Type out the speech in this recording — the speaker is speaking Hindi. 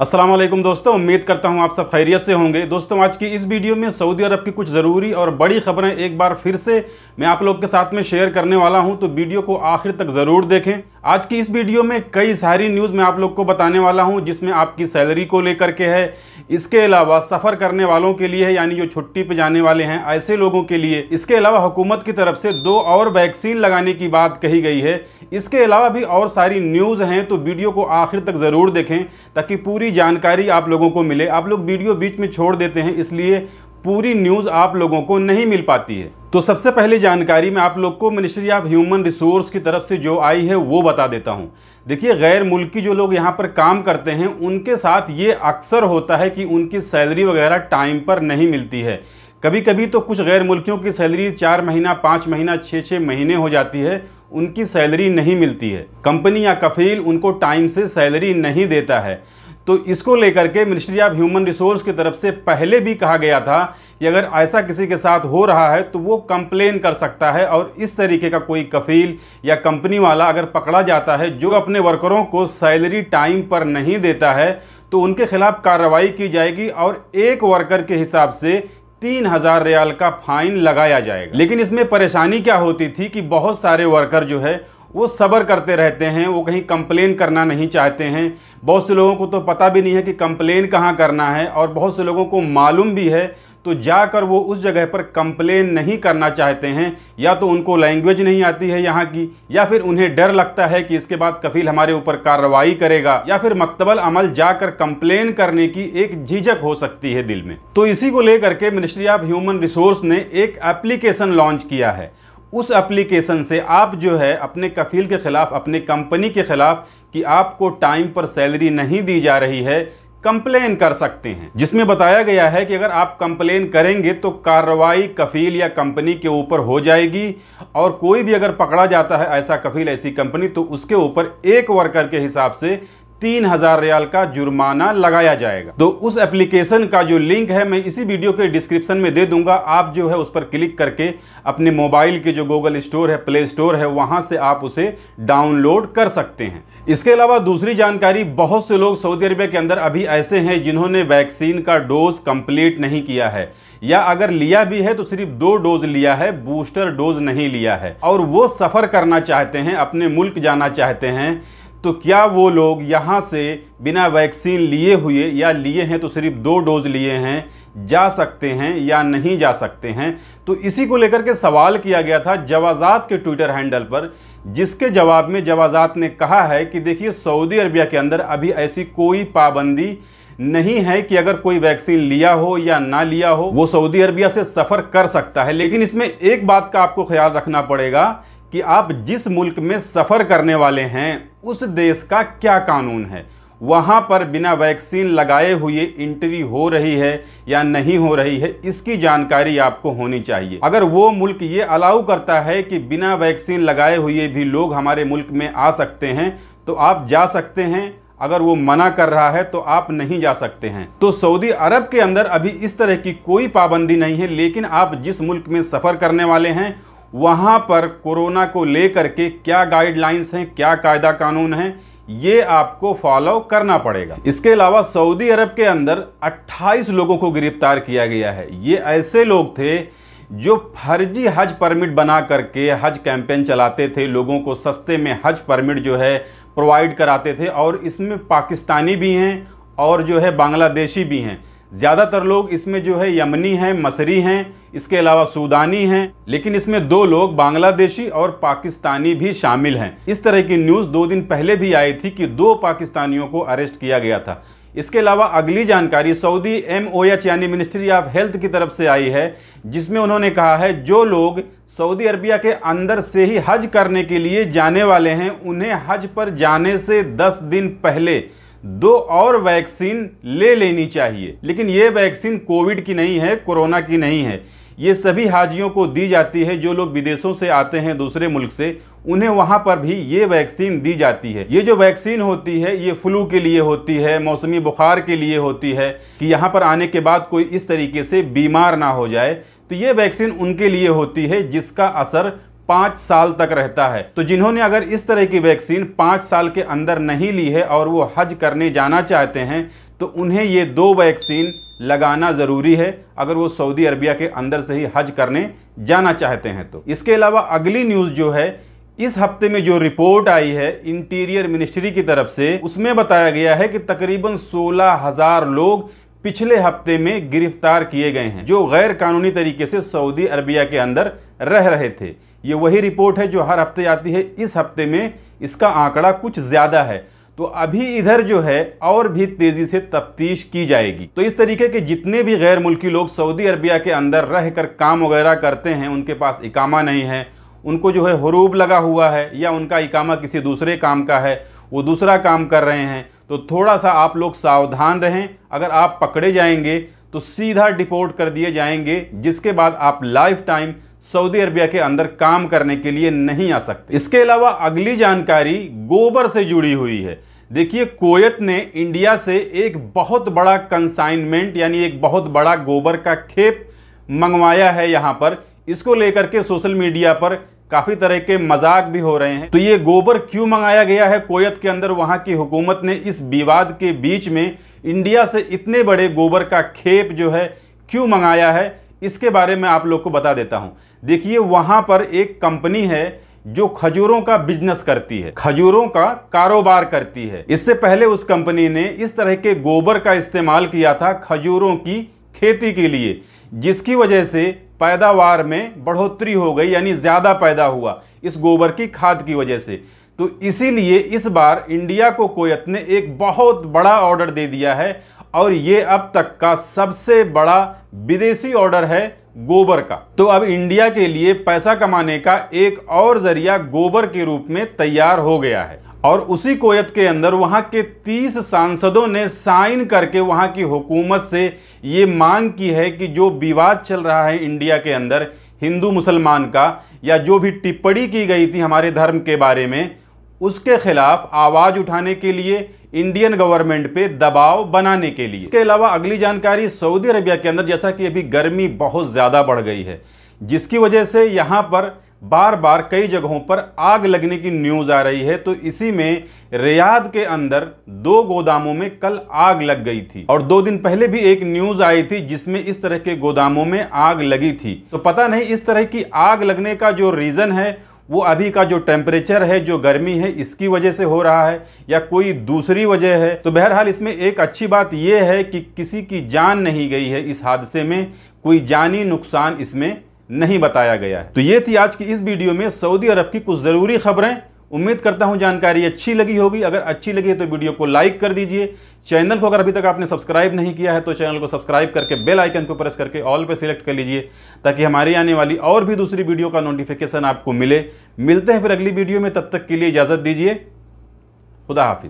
असलम दोस्तों उम्मीद करता हूँ आप सब खैरियत से होंगे दोस्तों आज की इस वीडियो में सऊदी अरब की कुछ ज़रूरी और बड़ी खबरें एक बार फिर से मैं आप लोग के साथ में शेयर करने वाला हूँ तो वीडियो को आखिर तक ज़रूर देखें आज की इस वीडियो में कई सारी न्यूज़ मैं आप लोग को बताने वाला हूं जिसमें आपकी सैलरी को लेकर के है इसके अलावा सफ़र करने वालों के लिए है यानी जो छुट्टी पे जाने वाले हैं ऐसे लोगों के लिए इसके अलावा हुकूमत की तरफ से दो और वैक्सीन लगाने की बात कही गई है इसके अलावा भी और सारी न्यूज़ हैं तो वीडियो को आखिर तक ज़रूर देखें ताकि पूरी जानकारी आप लोगों को मिले आप लोग वीडियो बीच में छोड़ देते हैं इसलिए पूरी न्यूज़ आप लोगों को नहीं मिल पाती है तो सबसे पहली जानकारी मैं आप लोग को मिनिस्ट्री ऑफ ह्यूमन रिसोर्स की तरफ से जो आई है वो बता देता हूँ देखिए गैर मुल्की जो लोग यहाँ पर काम करते हैं उनके साथ ये अक्सर होता है कि उनकी सैलरी वगैरह टाइम पर नहीं मिलती है कभी कभी तो कुछ गैर मुल्कियों की सैलरी चार महीना पाँच महीना छः छः महीने हो जाती है उनकी सैलरी नहीं मिलती है कंपनी या कफील उनको टाइम से सैलरी नहीं देता है तो इसको लेकर के मिनिस्ट्री ऑफ ह्यूमन रिसोर्स की तरफ से पहले भी कहा गया था कि अगर ऐसा किसी के साथ हो रहा है तो वो कंप्लेन कर सकता है और इस तरीके का कोई कफील या कंपनी वाला अगर पकड़ा जाता है जो अपने वर्करों को सैलरी टाइम पर नहीं देता है तो उनके खिलाफ कार्रवाई की जाएगी और एक वर्कर के हिसाब से तीन हज़ार रियाल का फाइन लगाया जाएगा लेकिन इसमें परेशानी क्या होती थी कि बहुत सारे वर्कर जो है वो सब्र करते रहते हैं वो कहीं कंप्लेन करना नहीं चाहते हैं बहुत से लोगों को तो पता भी नहीं है कि कंप्लेन कहाँ करना है और बहुत से लोगों को मालूम भी है तो जाकर वो उस जगह पर कंप्लेन नहीं करना चाहते हैं या तो उनको लैंग्वेज नहीं आती है यहाँ की या फिर उन्हें डर लगता है कि इसके बाद कफील हमारे ऊपर कार्रवाई करेगा या फिर मकतबल अमल जाकर कंप्लेन करने की एक झिझक हो सकती है दिल में तो इसी को लेकर के मिनिस्ट्री ऑफ ह्यूमन रिसोर्स ने एक एप्लीकेशन लॉन्च किया है उस एप्लीकेशन से आप जो है अपने कफील के ख़िलाफ़ अपने कंपनी के ख़िलाफ़ कि आपको टाइम पर सैलरी नहीं दी जा रही है कंप्लेन कर सकते हैं जिसमें बताया गया है कि अगर आप कंप्लेन करेंगे तो कार्रवाई कफील या कंपनी के ऊपर हो जाएगी और कोई भी अगर पकड़ा जाता है ऐसा कफील ऐसी कंपनी तो उसके ऊपर एक वर्कर के हिसाब से तीन हजार रियाल का जुर्माना लगाया जाएगा तो उस एप्लीकेशन का जो लिंक है मैं इसी वीडियो के डिस्क्रिप्शन में दे दूंगा आप जो है उस पर क्लिक करके अपने मोबाइल के जो गूगल स्टोर है प्ले स्टोर है वहां से आप उसे डाउनलोड कर सकते हैं इसके अलावा दूसरी जानकारी बहुत से लोग सऊदी अरबिया के अंदर अभी ऐसे हैं जिन्होंने वैक्सीन का डोज कंप्लीट नहीं किया है या अगर लिया भी है तो सिर्फ दो डोज लिया है बूस्टर डोज नहीं लिया है और वो सफर करना चाहते हैं अपने मुल्क जाना चाहते हैं तो क्या वो लोग यहाँ से बिना वैक्सीन लिए हुए या लिए हैं तो सिर्फ दो डोज लिए हैं जा सकते हैं या नहीं जा सकते हैं तो इसी को लेकर के सवाल किया गया था जवाजात के ट्विटर हैंडल पर जिसके जवाब में जवाजात ने कहा है कि देखिए सऊदी अरबिया के अंदर अभी ऐसी कोई पाबंदी नहीं है कि अगर कोई वैक्सीन लिया हो या ना लिया हो वो सऊदी अरबिया से सफ़र कर सकता है लेकिन इसमें एक बात का आपको ख्याल रखना पड़ेगा कि आप जिस मुल्क में सफ़र करने वाले हैं उस देश का क्या कानून है वहाँ पर बिना वैक्सीन लगाए हुए इंट्री हो रही है या नहीं हो रही है इसकी जानकारी आपको होनी चाहिए अगर वो मुल्क ये अलाउ करता है कि बिना वैक्सीन लगाए हुए भी लोग हमारे मुल्क में आ सकते हैं तो आप जा सकते हैं अगर वो मना कर रहा है तो आप नहीं जा सकते हैं तो सऊदी अरब के अंदर अभी इस तरह की कोई पाबंदी नहीं है लेकिन आप जिस मुल्क में सफ़र करने वाले हैं वहाँ पर कोरोना को लेकर के क्या गाइडलाइंस हैं क्या कायदा कानून हैं ये आपको फॉलो करना पड़ेगा इसके अलावा सऊदी अरब के अंदर 28 लोगों को गिरफ्तार किया गया है ये ऐसे लोग थे जो फर्जी हज परमिट बना करके हज कैंपेन चलाते थे लोगों को सस्ते में हज परमिट जो है प्रोवाइड कराते थे और इसमें पाकिस्तानी भी हैं और जो है बांग्लादेशी भी हैं ज़्यादातर लोग इसमें जो है यमनी हैं मसरी हैं इसके अलावा सूदानी हैं लेकिन इसमें दो लोग बांग्लादेशी और पाकिस्तानी भी शामिल हैं इस तरह की न्यूज़ दो दिन पहले भी आई थी कि दो पाकिस्तानियों को अरेस्ट किया गया था इसके अलावा अगली जानकारी सऊदी एम ओ एच यानी मिनिस्ट्री ऑफ हेल्थ की तरफ से आई है जिसमें उन्होंने कहा है जो लोग सऊदी अरबिया के अंदर से ही हज करने के लिए जाने वाले हैं उन्हें हज पर जाने से 10 दिन पहले दो और वैक्सीन ले लेनी चाहिए लेकिन ये वैक्सीन कोविड की नहीं है कोरोना की नहीं है ये सभी हाजियों को दी जाती है जो लोग विदेशों से आते हैं दूसरे मुल्क से उन्हें वहाँ पर भी ये वैक्सीन दी जाती है ये जो वैक्सीन होती है ये फ्लू के लिए होती है मौसमी बुखार के लिए होती है कि यहाँ पर आने के बाद कोई इस तरीके से बीमार ना हो जाए तो ये वैक्सीन उनके लिए होती है जिसका असर पाँच साल तक रहता है तो जिन्होंने अगर इस तरह की वैक्सीन पाँच साल के अंदर नहीं ली है और वो हज करने जाना चाहते हैं तो उन्हें ये दो वैक्सीन लगाना ज़रूरी है अगर वो सऊदी अरबिया के अंदर से ही हज करने जाना चाहते हैं तो इसके अलावा अगली न्यूज़ जो है इस हफ्ते में जो रिपोर्ट आई है इंटीरियर मिनिस्ट्री की तरफ से उसमें बताया गया है कि तकरीबन सोलह हज़ार लोग पिछले हफ्ते में गिरफ्तार किए गए हैं जो गैर कानूनी तरीके से सऊदी अरबिया के अंदर रह रहे थे ये वही रिपोर्ट है जो हर हफ्ते आती है इस हफ्ते में इसका आंकड़ा कुछ ज़्यादा है तो अभी इधर जो है और भी तेजी से तफ्तीश की जाएगी तो इस तरीके के जितने भी गैर मुल्की लोग सऊदी अरबिया के अंदर रह कर काम वगैरह करते हैं उनके पास इकामा नहीं है उनको जो है हरूब लगा हुआ है या उनका इकामा किसी दूसरे काम का है वो दूसरा काम कर रहे हैं तो थोड़ा सा आप लोग सावधान रहें अगर आप पकड़े जाएंगे तो सीधा डिपोर्ट कर दिए जाएंगे जिसके बाद आप लाइफ टाइम सऊदी अरबिया के अंदर काम करने के लिए नहीं आ सकते इसके अलावा अगली जानकारी गोबर से जुड़ी हुई है देखिए कोयत ने इंडिया से एक बहुत बड़ा कंसाइनमेंट यानी एक बहुत बड़ा गोबर का खेप मंगवाया है यहाँ पर इसको लेकर के सोशल मीडिया पर काफ़ी तरह के मजाक भी हो रहे हैं तो ये गोबर क्यों मंगाया गया है कोयत के अंदर वहाँ की हुकूमत ने इस विवाद के बीच में इंडिया से इतने बड़े गोबर का खेप जो है क्यों मंगाया है इसके बारे में आप लोग को बता देता हूँ देखिए वहाँ पर एक कंपनी है जो खजूरों का बिजनेस करती है खजूरों का कारोबार करती है इससे पहले उस कंपनी ने इस तरह के गोबर का इस्तेमाल किया था खजूरों की खेती के लिए जिसकी वजह से पैदावार में बढ़ोतरी हो गई यानी ज़्यादा पैदा हुआ इस गोबर की खाद की वजह से तो इसीलिए इस बार इंडिया को कोयत ने एक बहुत बड़ा ऑर्डर दे दिया है और ये अब तक का सबसे बड़ा विदेशी ऑर्डर है गोबर का तो अब इंडिया के लिए पैसा कमाने का एक और जरिया गोबर के रूप में तैयार हो गया है और उसी कोयत के अंदर वहां के 30 सांसदों ने साइन करके वहां की हुकूमत से ये मांग की है कि जो विवाद चल रहा है इंडिया के अंदर हिंदू मुसलमान का या जो भी टिप्पणी की गई थी हमारे धर्म के बारे में उसके खिलाफ आवाज़ उठाने के लिए इंडियन गवर्नमेंट पे दबाव बनाने के लिए इसके अलावा अगली जानकारी सऊदी अरबिया के अंदर जैसा कि अभी गर्मी बहुत ज़्यादा बढ़ गई है जिसकी वजह से यहाँ पर बार बार कई जगहों पर आग लगने की न्यूज़ आ रही है तो इसी में रियाद के अंदर दो गोदामों में कल आग लग गई थी और दो दिन पहले भी एक न्यूज़ आई थी जिसमें इस तरह के गोदामों में आग लगी थी तो पता नहीं इस तरह की आग लगने का जो रीज़न है वो अभी का जो टेम्परेचर है जो गर्मी है इसकी वजह से हो रहा है या कोई दूसरी वजह है तो बहरहाल इसमें एक अच्छी बात यह है कि किसी की जान नहीं गई है इस हादसे में कोई जानी नुकसान इसमें नहीं बताया गया है तो ये थी आज की इस वीडियो में सऊदी अरब की कुछ ज़रूरी खबरें उम्मीद करता हूँ जानकारी अच्छी लगी होगी अगर अच्छी लगी है तो वीडियो को लाइक कर दीजिए चैनल को अगर अभी तक आपने सब्सक्राइब नहीं किया है तो चैनल को सब्सक्राइब करके बेल आइकन को प्रेस करके ऑल पे सिलेक्ट कर लीजिए ताकि हमारी आने वाली और भी दूसरी वीडियो का नोटिफिकेशन आपको मिले मिलते हैं फिर अगली वीडियो में तब तक के लिए इजाज़त दीजिए खुदा हाफिज़